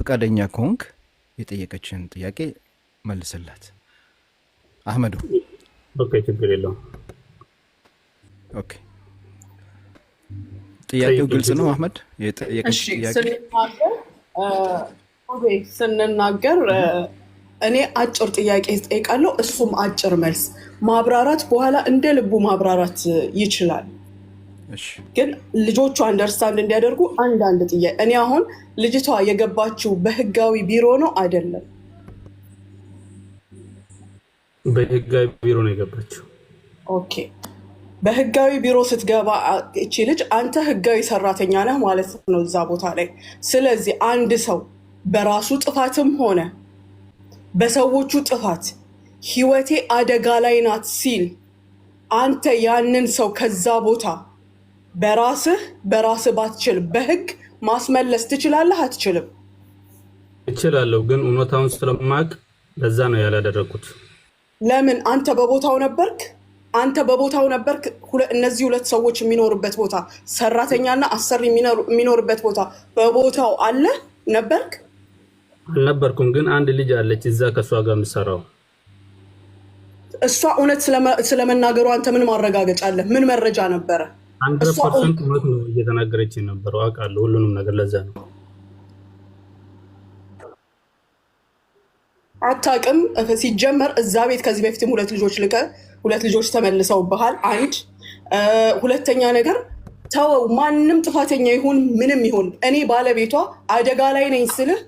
ፍቃደኛ ከሆንክ የጠየቀችን ጥያቄ መልስላት። አህመዱ ችግር የለውም። ጥያቄው ግልጽ ነው። አህመድ ስንናገር እኔ አጭር ጥያቄ ጠይቃለሁ፣ እሱም አጭር መልስ ማብራራት፣ በኋላ እንደ ልቡ ማብራራት ይችላል። ግን ልጆቹ አንደርስታንድ እንዲያደርጉ አንዳንድ ጥያቄ እኔ አሁን ልጅቷ የገባችው በህጋዊ ቢሮ ነው አይደለም? በህጋዊ ቢሮ ነው የገባችው። ኦኬ በህጋዊ ቢሮ ስትገባ እቺ ልጅ አንተ ህጋዊ ሰራተኛ ነህ ማለት ነው እዛ ቦታ ላይ። ስለዚህ አንድ ሰው በራሱ ጥፋትም ሆነ በሰዎቹ ጥፋት ህይወቴ አደጋ ላይ ናት ሲል አንተ ያንን ሰው ከዛ ቦታ በራስህ በራስህ ባትችል በህግ ማስመለስ ትችላለህ አትችልም? እችላለሁ፣ ግን እውነታውን ስለማቅ ለዛ ነው ያላደረግኩት። ለምን? አንተ በቦታው ነበርክ። አንተ በቦታው ነበርክ። እነዚህ ሁለት ሰዎች የሚኖርበት ቦታ፣ ሰራተኛና አሰሪ የሚኖርበት ቦታ በቦታው አለ ነበርክ? አልነበርኩም፣ ግን አንድ ልጅ አለች እዛ ከእሷ ጋር የምሰራው እሷ እውነት ስለመናገሩ አንተ ምን ማረጋገጫ አለ? ምን መረጃ ነበረ? ፐርሰንት እውነት ነው እየተናገረች የነበረው አውቃለሁ፣ ሁሉንም ነገር ለዛ ነው አታውቅም። ሲጀመር እዛ ቤት ከዚህ በፊትም ሁለት ልጆች ልቀ ሁለት ልጆች ተመልሰውብሃል። አንድ ሁለተኛ ነገር ተወው። ማንም ጥፋተኛ ይሁን ምንም ይሁን እኔ ባለቤቷ አደጋ ላይ ነኝ ስልህ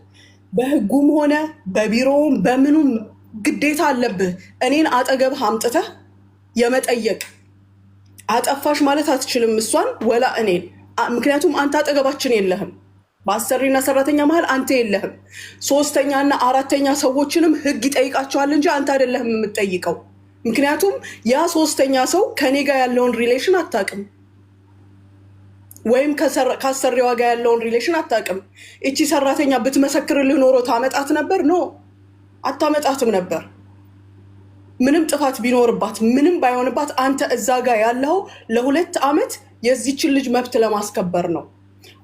በህጉም ሆነ በቢሮውም በምኑም ግዴታ አለብህ እኔን አጠገብህ አምጥተህ የመጠየቅ አጠፋሽ ማለት አትችልም እሷን ወላ እኔን። ምክንያቱም አንተ አጠገባችን የለህም። በአሰሪና ሰራተኛ መሀል አንተ የለህም። ሶስተኛና አራተኛ ሰዎችንም ህግ ይጠይቃቸዋል እንጂ አንተ አይደለህም የምትጠይቀው። ምክንያቱም ያ ሶስተኛ ሰው ከኔ ጋር ያለውን ሪሌሽን አታውቅም፣ ወይም ከአሰሪዋ ጋር ያለውን ሪሌሽን አታውቅም። እቺ ሰራተኛ ብትመሰክርልህ ኖሮ ታመጣት ነበር? ኖ አታመጣትም ነበር። ምንም ጥፋት ቢኖርባት ምንም ባይሆንባት አንተ እዛ ጋር ያለው ለሁለት ዓመት የዚችን ልጅ መብት ለማስከበር ነው።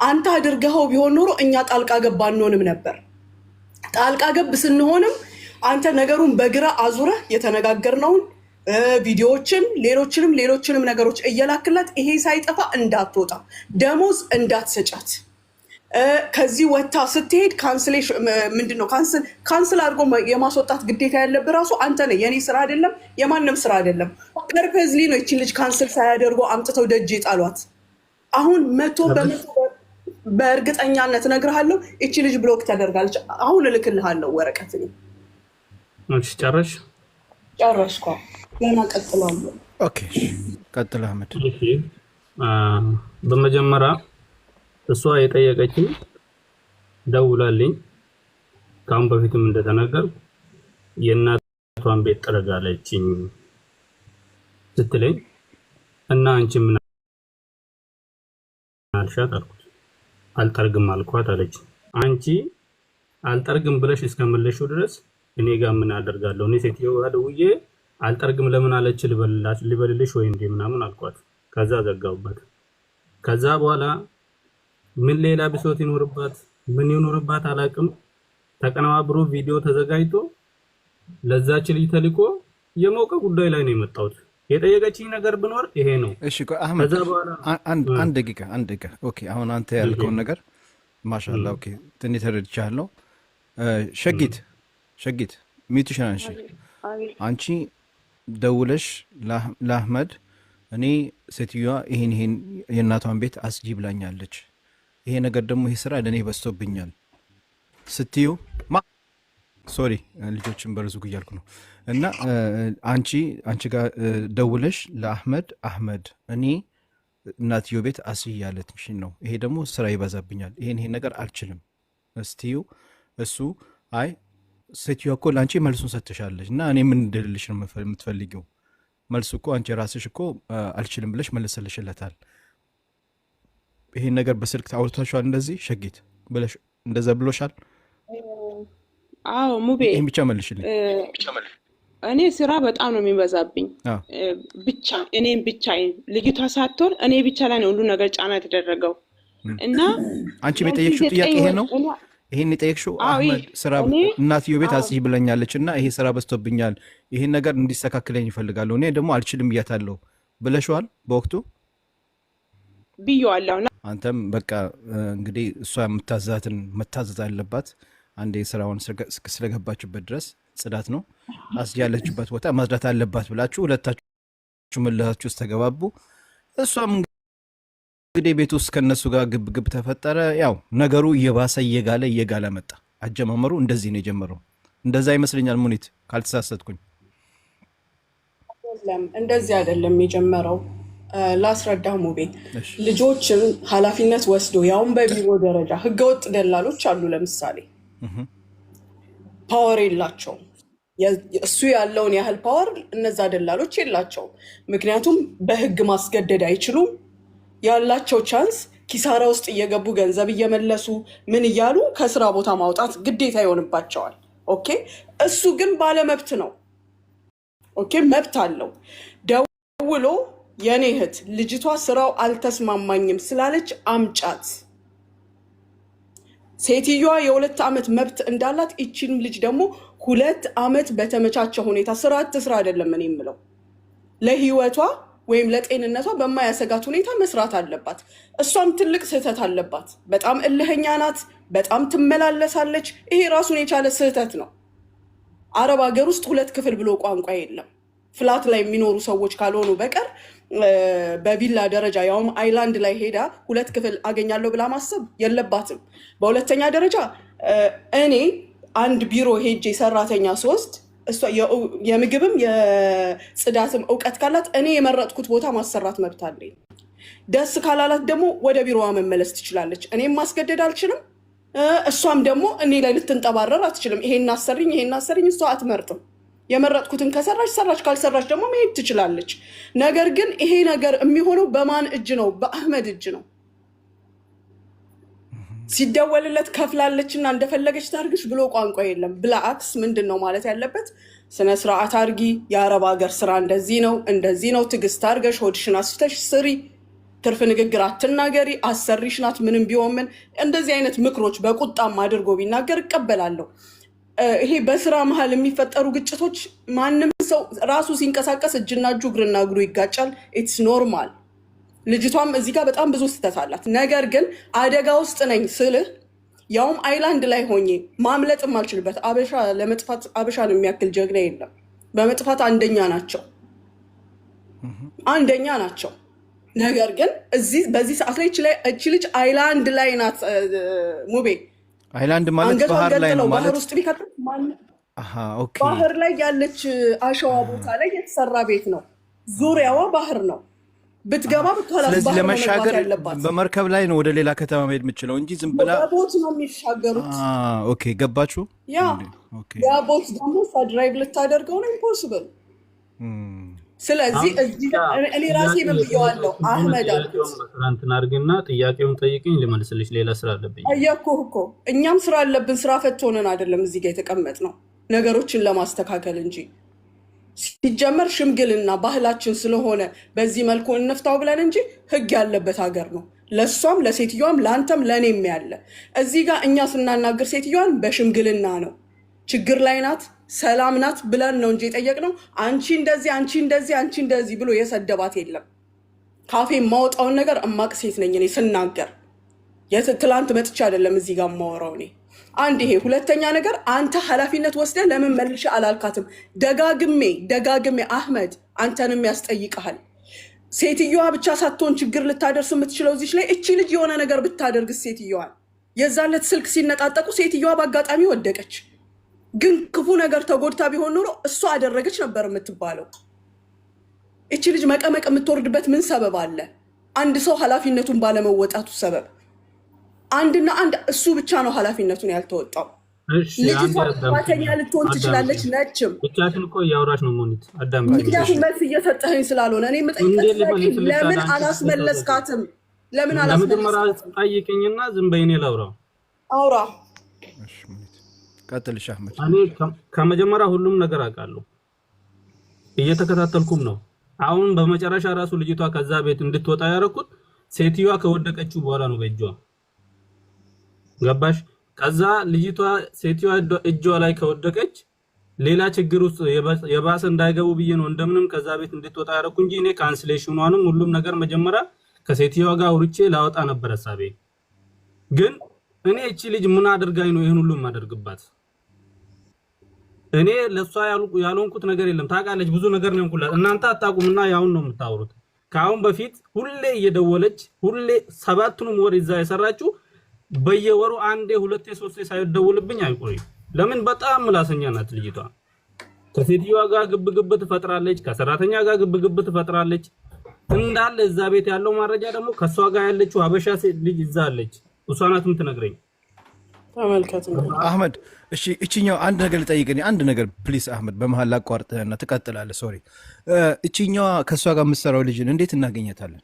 አንተ አድርገኸው ቢሆን ኖሮ እኛ ጣልቃ ገብ አንሆንም ነበር። ጣልቃ ገብ ስንሆንም አንተ ነገሩን በግራ አዙረህ የተነጋገርነውን ቪዲዮዎችን፣ ሌሎችንም ሌሎችንም ነገሮች እየላክላት ይሄ ሳይጠፋ እንዳትወጣ ደሞዝ እንዳትሰጫት ከዚህ ወታ ስትሄድ ካንስሌሽን ምንድን ነው ካንስል አድርጎ የማስወጣት ግዴታ ያለብህ ራሱ አንተ ነህ። የኔ ስራ አይደለም፣ የማንም ስራ አይደለም። ፐርፐዝሊ ነው ይችን ልጅ ካንስል ሳያደርጎ አምጥተው ደጅ ጣሏት። አሁን መቶ በመቶ በእርግጠኛነት እነግርሃለሁ፣ እቺ ልጅ ብሎክ ተደርጋለች። አሁን እልክልሃለሁ ወረቀት። ጨረሽ ጨረሽ ገና ቀጥሎ አለ። ቀጥሎ አህመድ በመጀመሪያ እሷ የጠየቀችኝ ደውላልኝ ካሁን በፊትም እንደተናገርኩ የእናቷን ቤት ጥረጋለችኝ ስትለኝ እና አንቺ ምን አልሻት አልኩት። አልጠርግም አልኳት አለች። አንቺ አልጠርግም ብለሽ እስከመለሽው ድረስ እኔ ጋር ምን አደርጋለሁ? እኔ ሴትዮዋ ደውዬ አልጠርግም ለምን አለች ልበልልሽ ወይ እንዴ ምናምን አልኳት። ከዛ ዘጋውበት። ከዛ በኋላ ምን ሌላ ብሶት ይኖርባት ምን ይኖርባት አላቅም። ተቀነባብሮ ቪዲዮ ተዘጋጅቶ ለዛች ልጅ ተልኮ የሞቀ ጉዳይ ላይ ነው የመጣሁት። የጠየቀችኝ ነገር ብኖር ይሄ ነው። እሺ አህመድ አንድ ደቂቃ አንድ ደቂቃ። ኦኬ አሁን አንተ ያልከውን ነገር ማሻላ ኦኬ፣ ትንሽ ተረድቻለሁ። ሸጊት ሸጊት ሚቱሽን አንሺ። አንቺ ደውለሽ ለአህመድ እኔ ሴትዮዋ ይሄን ይሄን የእናቷን ቤት አስጂ ብላኛለች ይሄ ነገር ደግሞ ይሄ ስራ ለእኔ በዝቶብኛል ስትዩ ሶሪ ልጆችን በርዙጉ እያልኩ ነው። እና አንቺ አንቺ ጋር ደውለሽ ለአህመድ አህመድ እኔ እናትዮ ቤት አስያለትሽ ነው፣ ይሄ ደግሞ ስራ ይበዛብኛል፣ ይሄን ይሄን ነገር አልችልም ስትዩ እሱ አይ ሴትዮ እኮ ለአንቺ መልሱን ሰጥሻለች እና እኔ ምን እንድልልሽ ነው የምትፈልጊው? መልሱ እኮ አንቺ ራስሽ እኮ አልችልም ብለሽ መለሰልሽለታል። ይሄን ነገር በስልክ አውርታችኋል እንደዚህ ሸጌት ብለሽ እንደዛ ብሎሻል? አዎ ሙቤ ይህን ብቻ መልሽልኝ። እኔ ስራ በጣም ነው የሚበዛብኝ። ብቻ እኔም ብቻ ልጅቷ ሳትሆን እኔ ብቻ ላይ ነው ሁሉ ነገር ጫና የተደረገው እና አንቺ የጠየቅሽው ጥያቄ ይሄ ነው። ይሄን የጠየቅሽው አህመድ ስራ እናትዮ ቤት አጽይ ብለኛለች እና ይሄ ስራ በዝቶብኛል፣ ይህን ነገር እንዲስተካክለኝ ይፈልጋለሁ፣ እኔ ደግሞ አልችልም እያታለሁ ብለሽዋል በወቅቱ ብዬዋለሁ። አንተም በቃ እንግዲህ እሷ የምታዛትን መታዘዝ አለባት። አንድ የስራውን ስለገባችሁበት ድረስ ጽዳት ነው አስ ያለችበት ቦታ ማጽዳት አለባት ብላችሁ ሁለታችሁ መለሳችሁ ውስጥ ተገባቡ። እሷም እንግዲህ ቤት ውስጥ ከእነሱ ጋር ግብግብ ተፈጠረ። ያው ነገሩ እየባሰ እየጋለ እየጋለ መጣ። አጀማመሩ እንደዚህ ነው የጀመረው። እንደዛ ይመስለኛል ሙኒት ካልተሳሰትኩኝ። እንደዚህ አይደለም የጀመረው ላስረዳ ሙቤ ልጆችን ኃላፊነት ወስዶ ያውን በቢሮ ደረጃ ህገወጥ ደላሎች አሉ። ለምሳሌ ፓወር የላቸውም። እሱ ያለውን ያህል ፓወር እነዛ ደላሎች የላቸውም። ምክንያቱም በህግ ማስገደድ አይችሉም። ያላቸው ቻንስ ኪሳራ ውስጥ እየገቡ ገንዘብ እየመለሱ ምን እያሉ ከስራ ቦታ ማውጣት ግዴታ ይሆንባቸዋል። ኦኬ እሱ ግን ባለመብት ነው። ኦኬ መብት አለው ደውሎ የእኔ እህት ልጅቷ ስራው አልተስማማኝም ስላለች አምጫት። ሴትዮዋ የሁለት ዓመት መብት እንዳላት ይቺንም ልጅ ደግሞ ሁለት ዓመት በተመቻቸ ሁኔታ ስራ አትስራ አይደለም እኔ የምለው ለህይወቷ ወይም ለጤንነቷ በማያሰጋት ሁኔታ መስራት አለባት። እሷም ትልቅ ስህተት አለባት። በጣም እልህኛ ናት። በጣም ትመላለሳለች። ይሄ ራሱን የቻለ ስህተት ነው። አረብ ሀገር ውስጥ ሁለት ክፍል ብሎ ቋንቋ የለም። ፍላት ላይ የሚኖሩ ሰዎች ካልሆኑ በቀር በቪላ ደረጃ ያውም አይላንድ ላይ ሄዳ ሁለት ክፍል አገኛለሁ ብላ ማሰብ የለባትም። በሁለተኛ ደረጃ እኔ አንድ ቢሮ ሄጄ ሰራተኛ ሶስት የምግብም የጽዳትም እውቀት ካላት እኔ የመረጥኩት ቦታ ማሰራት መብት አለኝ። ደስ ካላላት ደግሞ ወደ ቢሮዋ መመለስ ትችላለች። እኔም ማስገደድ አልችልም። እሷም ደግሞ እኔ ላይ ልትንጠባረር አትችልም። ይሄን አሰሪኝ፣ ይሄን አሰሪኝ እሷ አትመርጥም። የመረጥኩትን ከሰራች ሰራች፣ ካልሰራች ደግሞ መሄድ ትችላለች። ነገር ግን ይሄ ነገር የሚሆነው በማን እጅ ነው? በአህመድ እጅ ነው። ሲደወልለት ከፍላለች እና እንደፈለገች ታርግሽ ብሎ ቋንቋ የለም። ብላአክስ ምንድን ነው ማለት ያለበት? ስነ ስርዓት አርጊ። የአረብ ሀገር ስራ እንደዚህ ነው እንደዚህ ነው። ትዕግስት አርገሽ ሆድሽን አስፍተሽ ስሪ። ትርፍ ንግግር አትናገሪ። አሰሪሽ ናት ምንም ቢሆን ምን። እንደዚህ አይነት ምክሮች በቁጣም አድርጎ ቢናገር እቀበላለሁ። ይሄ በስራ መሀል የሚፈጠሩ ግጭቶች ማንም ሰው ራሱ ሲንቀሳቀስ እጅና እጁ እግርና እግሩ ይጋጫል። ኢትስ ኖርማል። ልጅቷም እዚህ ጋር በጣም ብዙ ስህተት አላት። ነገር ግን አደጋ ውስጥ ነኝ ስልህ ያውም አይላንድ ላይ ሆኜ ማምለጥ የማልችልበት አበሻ ለመጥፋት አበሻን የሚያክል ጀግና የለም። በመጥፋት አንደኛ ናቸው፣ አንደኛ ናቸው። ነገር ግን እዚህ በዚህ ሰዓት ላይ እች ልጅ አይላንድ ላይ ናት ሙቤ አይላንድ ማለት ባህር ላይ ነው ማለት ውስጥ ማን ባህር ላይ ያለች አሸዋ ቦታ ላይ የተሰራ ቤት ነው። ዙሪያዋ ባህር ነው። ብትገባ ስለዚህ ለመሻገር በመርከብ ላይ ነው ወደ ሌላ ከተማ መሄድ የምችለው እንጂ ዝም ብላ ቦት ነው የሚሻገሩት። ገባችሁ። ያ ቦት ደግሞ ፈድራይቭ ልታደርገው ነው ኢምፖስብል ስለዚህ እኔ ራሴ ምን አህመድ ትናንትና አድርግና ጥያቄውን ጠይቅኝ ልመልስልሽ። ሌላ ስራ አለብኝ እኮ እኛም ስራ አለብን። ስራ ፈት አይደለም እዚህ ጋር የተቀመጥነው ነገሮችን ለማስተካከል እንጂ ሲጀመር ሽምግልና ባህላችን ስለሆነ በዚህ መልኩ እንፍታው ብለን እንጂ ህግ ያለበት ሀገር ነው። ለእሷም ለሴትዮዋም ለአንተም ለእኔም ያለ እዚህ ጋር እኛ ስናናግር ሴትዮዋን በሽምግልና ነው። ችግር ላይ ናት ሰላም ናት ብለን ነው እንጂ የጠየቅነው። አንቺ እንደዚህ አንቺ እንደዚህ አንቺ እንደዚህ ብሎ የሰደባት የለም። ካፌ የማወጣውን ነገር እማቅ ሴት ነኝ እኔ ስናገር ትላንት መጥቼ አይደለም እዚህ ጋር የማወራው እኔ አንድ ይሄ ሁለተኛ ነገር አንተ ኃላፊነት ወስደህ ለምን መልሼ አላልካትም? ደጋግሜ ደጋግሜ አህመድ አንተንም ያስጠይቀሃል። ሴትዮዋ ብቻ ሳትሆን ችግር ልታደርስ የምትችለው እዚች ላይ እቺ ልጅ የሆነ ነገር ብታደርግ ሴትዮዋን የዛለት ስልክ ሲነጣጠቁ ሴትዮዋ በአጋጣሚ ወደቀች። ግን ክፉ ነገር ተጎድታ ቢሆን ኖሮ እሷ አደረገች ነበር የምትባለው። እቺ ልጅ መቀመቅ የምትወርድበት ምን ሰበብ አለ? አንድ ሰው ኃላፊነቱን ባለመወጣቱ ሰበብ አንድና አንድ እሱ ብቻ ነው ኃላፊነቱን ያልተወጣው። ልጅቷተኛ ልትሆን ትችላለች፣ ነችም። ብቻሽን እኮ እያወራሽ ነው ሞኒት አዳም። ምክንያቱም መልስ እየሰጠኸኝ ስላልሆነ እኔ የምጠይቀት ለምን አላስመለስካትም? ለምን አላስመለስካትም? ጠይቅኝና ዝም በይ እኔ ላውራ አውራ ቀጥል እኔ ከመጀመሪያ ሁሉም ነገር አውቃለሁ፣ እየተከታተልኩም ነው። አሁን በመጨረሻ ራሱ ልጅቷ ከዛ ቤት እንድትወጣ ያደረኩት ሴትዮዋ ከወደቀችው በኋላ ነው። በእጇ ገባሽ? ከዛ ልጅቷ ሴትዮዋ እጇ ላይ ከወደቀች ሌላ ችግር ውስጥ የባሰ እንዳይገቡ ብዬ ነው እንደምንም ከዛ ቤት እንድትወጣ ያደረኩ እንጂ እኔ ካንስሌሽኗንም ሁሉም ነገር መጀመሪያ ከሴትዮዋ ጋር አውርቼ ላወጣ ነበር ሀሳቤ። ግን እኔ እቺ ልጅ ምን አድርጋኝ ነው ይህን ሁሉ የማደርግባት? እኔ ለእሷ ያልሆንኩት ነገር የለም። ታውቃለች፣ ብዙ ነገር ነው የሆንኩላት። እናንተ አታውቁምና ያሁን ነው የምታወሩት። ከአሁን በፊት ሁሌ እየደወለች ሁሌ ሰባቱንም ወር ይዛ የሰራችሁ በየወሩ አንዴ ሁለቴ ሶስቴ ሳይደውልብኝ አይቆይ ለምን? በጣም ምላሰኛ ናት ልጅቷ። ከሴትዮዋ ጋር ግብግብ ትፈጥራለች፣ ከሰራተኛ ጋር ግብግብ ትፈጥራለች። እንዳለ እዛ ቤት ያለው ማረጃ ደግሞ ከእሷ ጋር ያለችው ሀበሻ ልጅ ይዛለች። እሷ ናት የምትነግረኝ ተመልከት አህመድ። እሺ እችኛው አንድ ነገር ልጠይቅህ፣ አንድ ነገር ፕሊስ አህመድ፣ በመሀል ላቋርጥህና ትቀጥላለህ። ሶሪ። እችኛዋ ከእሷ ጋር የምትሰራው ልጅን እንዴት እናገኘታለን?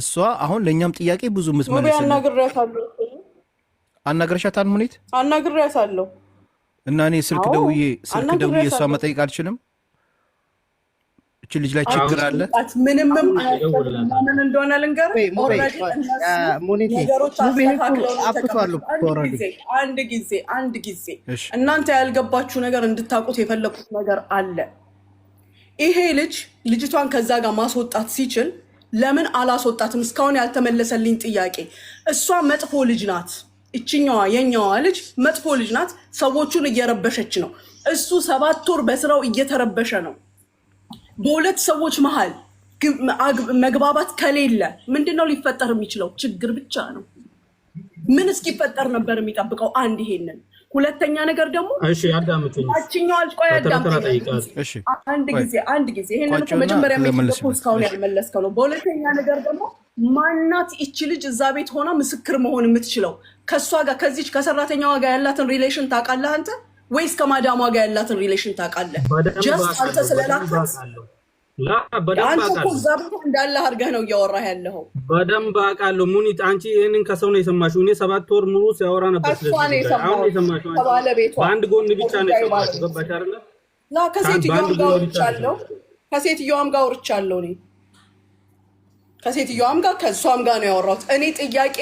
እሷ አሁን ለእኛም ጥያቄ ብዙ የምትመልስ አናግረሻታል? ሁኔት አናግሬያታለሁ እና እኔ ስልክ ደውዬ ስልክ ደውዬ እሷ መጠየቅ አልችልም እች ልጅ ላይ ችግር አለ። እንደሆነ ልንገር፣ አንድ ጊዜ አንድ ጊዜ እናንተ ያልገባችሁ ነገር እንድታውቁት የፈለኩት ነገር አለ። ይሄ ልጅ ልጅቷን ከዛ ጋር ማስወጣት ሲችል ለምን አላስወጣትም? እስካሁን ያልተመለሰልኝ ጥያቄ። እሷ መጥፎ ልጅ ናት። እችኛዋ የኛዋ ልጅ መጥፎ ልጅ ናት። ሰዎቹን እየረበሸች ነው። እሱ ሰባት ወር በስራው እየተረበሸ ነው። በሁለት ሰዎች መሀል መግባባት ከሌለ ምንድን ነው ሊፈጠር የሚችለው? ችግር ብቻ ነው። ምን እስኪፈጠር ነበር የሚጠብቀው? አንድ ይሄንን ሁለተኛ ነገር ደግሞ አችኛዋል ቆይ አንድ ጊዜ አንድ ጊዜ ይሄንን መጀመሪያ እስካሁን ያልመለስከው ነው። በሁለተኛ ነገር ደግሞ ማናት ይቺ ልጅ እዛ ቤት ሆና ምስክር መሆን የምትችለው? ከእሷ ጋር ከዚች ከሰራተኛዋ ጋር ያላትን ሪሌሽን ታውቃለህ አንተ? ወይስ ከማዳሟ ጋር ያላትን ሪሌሽን ታውቃለህ? ጀስት አንተ ስለላካት አንተ እኮ እዛ ቦታ እንዳለህ አድርገህ ነው እያወራህ ያለኸው። በደንብ አውቃለሁ ሙኒት። አንቺ ይህንን ከሰው ነው የሰማሽው። እኔ ሰባት ወር ሙሉ ሲያወራ ነበር። በአንድ ጎን ብቻ ነው የሰማሽው። ከሴትዮዋም ጋር አውርቻለሁ እኔ ከሴትዮዋም ጋር ከእሷም ጋር ነው ያወራሁት። እኔ ጥያቄ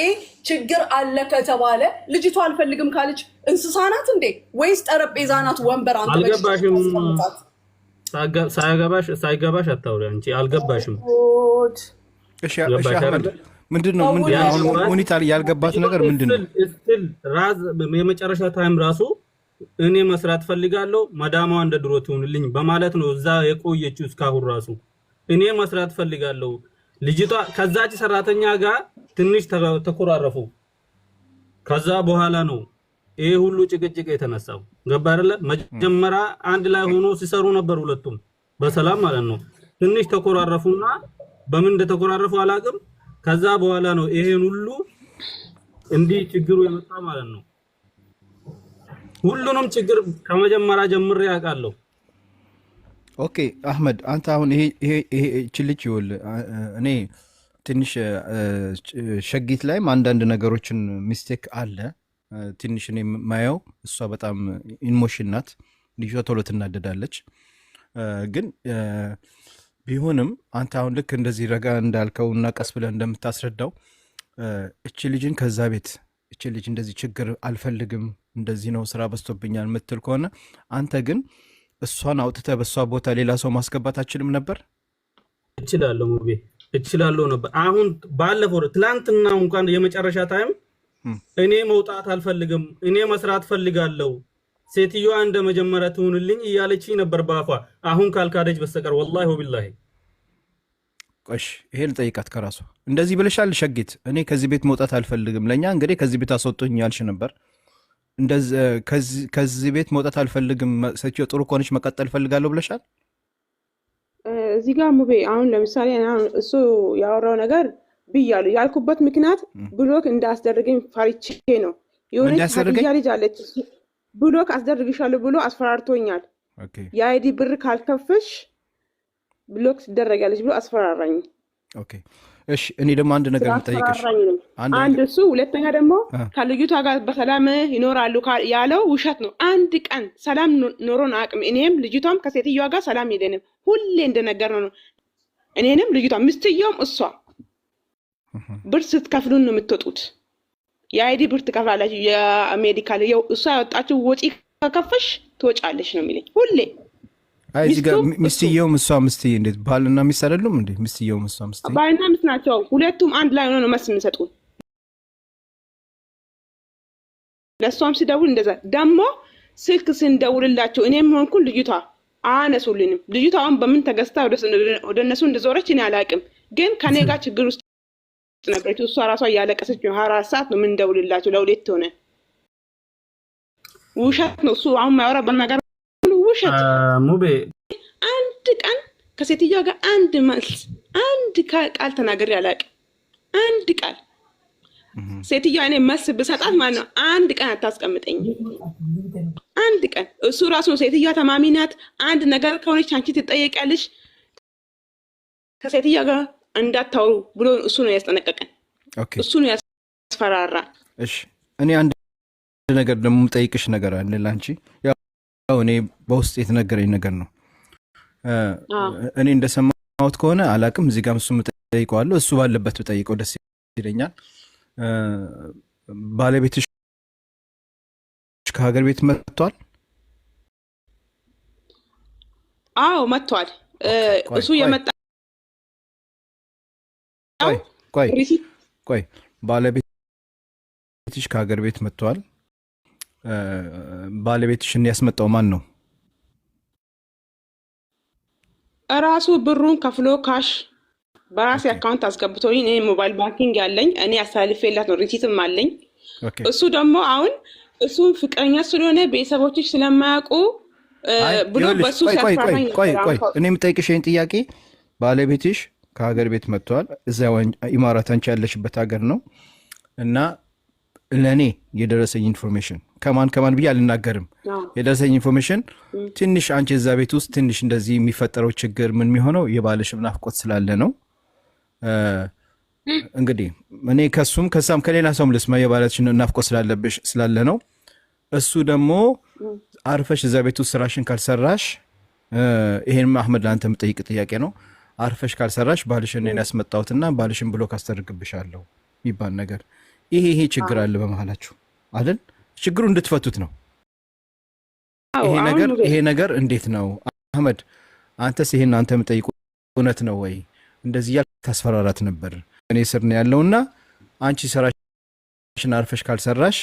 ችግር አለ ከተባለ ልጅቷ አልፈልግም ካለች እንስሳ ናት እንዴ ወይስ ጠረጴዛ ናት? ወንበር አንተ አልገባሽም። ሳይገባሽ አታውሪ አንቺ አልገባሽም። ምንድን ነው ያልገባት ነገር ምንድን ነው? የመጨረሻ ታይም ራሱ እኔ መስራት ፈልጋለሁ መዳማዋ እንደ ድሮ ትሆንልኝ በማለት ነው እዛ የቆየችው እስካሁን ራሱ እኔ መስራት ፈልጋለሁ ልጅቷ ከዛች ሰራተኛ ጋር ትንሽ ተኮራረፉ። ከዛ በኋላ ነው ይህ ሁሉ ጭቅጭቅ የተነሳው ገባ አይደለ? መጀመሪያ አንድ ላይ ሆኖ ሲሰሩ ነበር ሁለቱም በሰላም ማለት ነው። ትንሽ ተኮራረፉና በምን እንደተኮራረፉ አላቅም። ከዛ በኋላ ነው ይሄን ሁሉ እንዲህ ችግሩ የመጣ ማለት ነው። ሁሉንም ችግር ከመጀመሪያ ጀምሬ ያውቃለሁ። ኦኬ አህመድ፣ አንተ አሁን ይሄ ችልች ይውል እኔ ትንሽ ሸጊት ላይም አንዳንድ ነገሮችን ሚስቴክ አለ ትንሽ እኔ ማየው እሷ በጣም ኢሞሽን ናት። ልጅቷ ቶሎ ትናደዳለች። ግን ቢሆንም አንተ አሁን ልክ እንደዚህ ረጋ እንዳልከው እና ቀስ ብለን እንደምታስረዳው እቺ ልጅን ከዛ ቤት እቺ ልጅ እንደዚህ ችግር አልፈልግም፣ እንደዚህ ነው ስራ በዝቶብኛል የምትል ከሆነ አንተ ግን እሷን አውጥተህ በእሷ ቦታ ሌላ ሰው ማስገባት አችልም ነበር? እችላለሁ፣ ሙቤ እችላለሁ ነበር። አሁን ባለፈው ትላንትና እንኳን የመጨረሻ ታይም እኔ መውጣት አልፈልግም፣ እኔ መስራት ፈልጋለሁ፣ ሴትዮዋ እንደ መጀመሪያ ትሁንልኝ እያለች ነበር በአፏ። አሁን ካልካደች በስተቀር ወላሂ ወቢላሂ። ቆሽ ይሄን ጠይቃት ከራሷ እንደዚህ ብለሻል ሸጌት፣ እኔ ከዚህ ቤት መውጣት አልፈልግም፣ ለእኛ እንግዲህ ከዚህ ቤት አስወጡኝ ያልሽ ነበር። ከዚህ ቤት መውጣት አልፈልግም፣ ሴትዮ ጥሩ ከሆነች መቀጠል እፈልጋለሁ ብለሻል። እዚህ ጋር ሙቤ፣ አሁን ለምሳሌ እሱ ያወራው ነገር ብያሉ ያልኩበት ምክንያት ብሎክ እንዳስደርገኝ ፈርቼ ነው። የሆነች ልጅ አለች ብሎክ አስደርግሻለሁ ብሎ አስፈራርቶኛል። የአይዲ ብር ካልከፍሽ ብሎክ ትደረጋለች ብሎ አስፈራራኝ። እሺ እኔ ደግሞ አንድ ነገር የምጠይቅሽ አንድ እሱ፣ ሁለተኛ ደግሞ ከልጅቷ ጋር በሰላም ይኖራሉ ያለው ውሸት ነው። አንድ ቀን ሰላም ኖሮን አቅም እኔም ልጅቷም ከሴትዮዋ ጋር ሰላም የለንም። ሁሌ እንደነገር ነው። እኔንም ልጅቷ ምስትየውም እሷ ብር ስትከፍሉን ነው የምትወጡት። የአይዲ ብር ትከፍላላችሁ። የሜዲካል እሷ ያወጣችው ወጪ ከከፈሽ ትወጫለሽ ነው የሚለኝ ሁሌ። ሚስትየውም እሷ ሚስትዬ እንዴት ባልና ሚስት አይደሉም እንዴ? ሚስትየውም እሷ ሚስትዬ ባልና ሚስት ናቸው። ሁለቱም አንድ ላይ ሆኖ ነው መስ የምንሰጡ። ለእሷም ሲደውል እንደዛ ደግሞ ስልክ ስንደውልላቸው እኔም ሆንኩን ልጅቷ አነሱልንም። ልጅቷ አሁን በምን ተገዝታ ወደ እነሱ እንደዞረች እኔ አላውቅም፣ ግን ከኔ ጋር ችግር ውስጥ ነበረች። እሷ ራሷ እያለቀሰች ነው። ሀያ አራት ሰዓት ነው የምንደውልላቸው ለሁለት ሆነ። ውሸት ነው እሱ አሁን ማያወራበት ነገር ውሸት። ሙቤ አንድ ቀን ከሴትዮዋ ጋር አንድ መልስ አንድ ቃል ተናግሬ አላውቅም። አንድ ቃል ሴትዮዋ እኔ መልስ ብሰጣት ማለት ነው አንድ ቀን አታስቀምጠኝም። አንድ ቀን እሱ ራሱ ሴትዮዋ ተማሚናት አንድ ነገር ከሆነች አንቺ ትጠየቂያለሽ ከሴትዮዋ ጋር እንዳታወሩ ብሎ እሱ ነው ያስጠነቀቀን፣ እሱ ነው ያስፈራራ። እሺ እኔ አንድ ነገር ደግሞ የምጠይቅሽ ነገር አለ ለአንቺ። ያው እኔ በውስጥ የተነገረኝ ነገር ነው። እኔ እንደሰማሁት ከሆነ አላቅም፣ እዚህ ጋም እሱ እጠይቀዋለሁ። እሱ ባለበት ብጠይቀው ደስ ይለኛል። ባለቤትሽ ከሀገር ቤት መጥቷል? አዎ መጥቷል። እሱ የመጣ ቆይ ቆይ ባለቤትሽ ከሀገር ቤት መጥተዋል። ባለቤትሽን ያስመጣው ማን ነው? እራሱ ብሩን ከፍሎ ካሽ በራሴ አካውንት አስገብቶኝ እኔ ሞባይል ባንኪንግ ያለኝ እኔ አስተላልፌላት ነው። ሪሲትም አለኝ። እሱ ደግሞ አሁን እሱን ፍቅረኛ ስለሆነ ቤተሰቦችሽ ስለማያውቁ ብሎ በሱ ቆይ ቆይ እኔ የምጠይቅሽ ይህን ጥያቄ ባለቤትሽ ከሀገር ቤት መጥተዋል። እዚያ ኢማራት አንቺ ያለሽበት ሀገር ነው እና ለእኔ የደረሰኝ ኢንፎርሜሽን ከማን ከማን ብዬ አልናገርም። የደረሰኝ ኢንፎርሜሽን ትንሽ አንቺ እዛ ቤት ውስጥ ትንሽ እንደዚህ የሚፈጠረው ችግር ምን የሚሆነው የባልሽ ናፍቆት ስላለ ነው። እንግዲህ እኔ ከሱም ከሳም ከሌላ ሰውም ልስማ የባለሽን ናፍቆት ስላለብሽ ስላለ ነው። እሱ ደግሞ አርፈሽ እዛ ቤት ውስጥ ስራሽን ካልሰራሽ፣ ይሄንም አህመድ ለአንተ የምጠይቅ ጥያቄ ነው አርፈሽ ካልሰራሽ ባልሽን እኔን ያስመጣሁትና ባልሽን ብሎክ አስደርግብሻለሁ የሚባል ነገር ይሄ ይሄ ችግር አለ በመሀላችሁ አይደል? ችግሩ እንድትፈቱት ነው። ይሄ ነገር ይሄ ነገር እንዴት ነው አህመድ? አንተስ ይሄን አንተ የምጠይቁ እውነት ነው ወይ? እንደዚህ እያልክ ታስፈራራት ነበር እኔ ስር ነው ያለውና አንቺ ሰራሽን አርፈሽ ካልሰራሽ